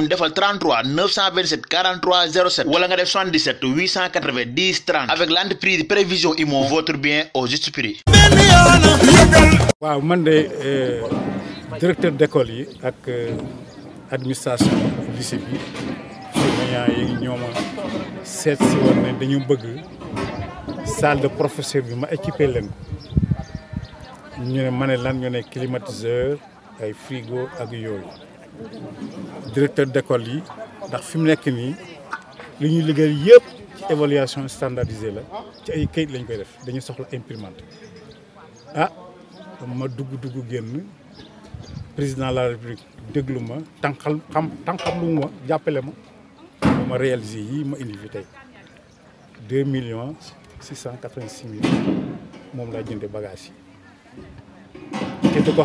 ñun 33 927 43 07 wala nga def 77 890 30 avec l'entreprise prévision immo votre bien au juste prix. waaw man euh, directeur d'école yi ak euh, administration lycée bi avons yi ñooma seet si woon dañu bëgg salle de professeur bi ma équipé leen ñu ne ma lan climatiseur ay frigo ak yooyu directeur d'école yi ndax fi évaluation standardisée la ci ay kayit lañ koy def dañu soxla imprimante ah ma dugg dugg président de la république déglu ma tànqal xam tànqal lu ma jàppale ma ma réalisé, ma millions six yi ko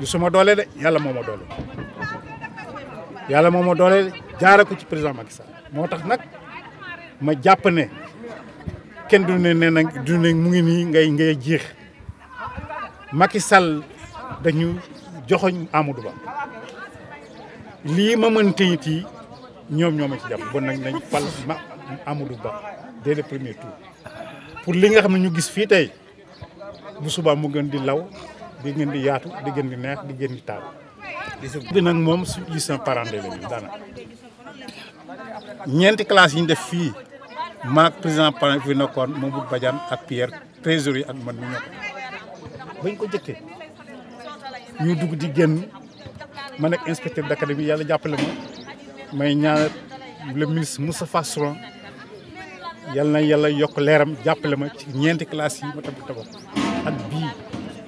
du suma doole de yàlla moo ma doole yàlla moo ma doole jaare ko ci président Macky Sall moo tax nag ma jàpp ne kenn du ne nee na du ne mu ngi nii ngay ngay jeex Macky Sall dañu joxoñ Amadou lii ma mën ñoom ñooma ci jàpp bon nag nañ fal ma Amadou Ba dès le premier tour pour li nga xam ne ñu gis fii tey bu subaa mu gën di law di ngeen di yaatu di ngeen di neex di ngeen di taal bi nak mom su gis lycée parent de ñu dana ñenti classe yi def fi maak président parent fi nekkoon Mamadou Badiane ak Pierre trésorier ak man ñu bañ ko jëkke ñu dugg di genn ma nekk inspecteur d'académie yalla jàppale ma may ñaanal le ministre Moustapha Souran yalla na yàlla yokk leeram jàppale ma ci ñenti classe yi ma tabax tabax ak bi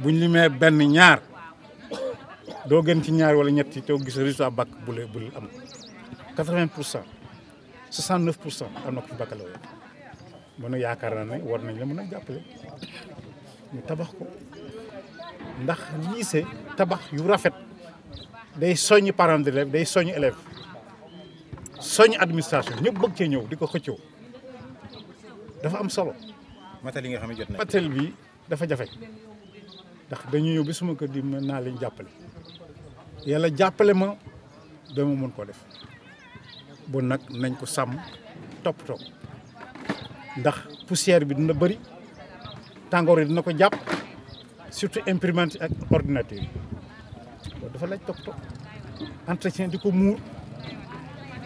buñ limee benn ñaar doo gën ci ñaar wala ñetti doo gis résultat bac bu la bu la am 80 pour cent 69 pour cent am na ko fi baccalauréat ba nag yaakaar na ne war nañ la mun a jàppale ñu tabax ko ndax lycée tabax yu rafet day soññ parents d'élèves day soññ élèves soññ administration ñëpp bëgg cee ñëw di ko xëccoo dafa am solo. matériel yi nga xam ne jot bi dafa jafe. ndax dañu ñëw bi suma kër di mën naa leen jàppale yàlla jàppale ma ba ma mën ko def bon nag nañ ko sàmm toppatoo ndax poussière bi dina bëri tàngoor yi dina ko jàpp surtout imprimante ak ordinateur yi dafa laaj toppatoo entretien di ko muur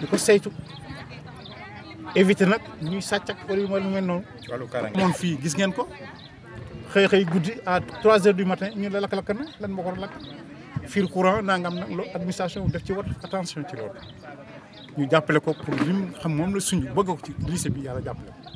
di éviter nag ñuy wala yu mel noonu. wàllu fii gis ngeen ko. xëy xëy guddi a 3 heures du matin ñu la lakk-lakk na lan moo ko war a lakk fiir courant nangam nag loolu administration def ci war attention ci loolu ñu jàppale ko pour lim xam moom la suñu bëgg ko ci lycée bi yàlla jàppale ko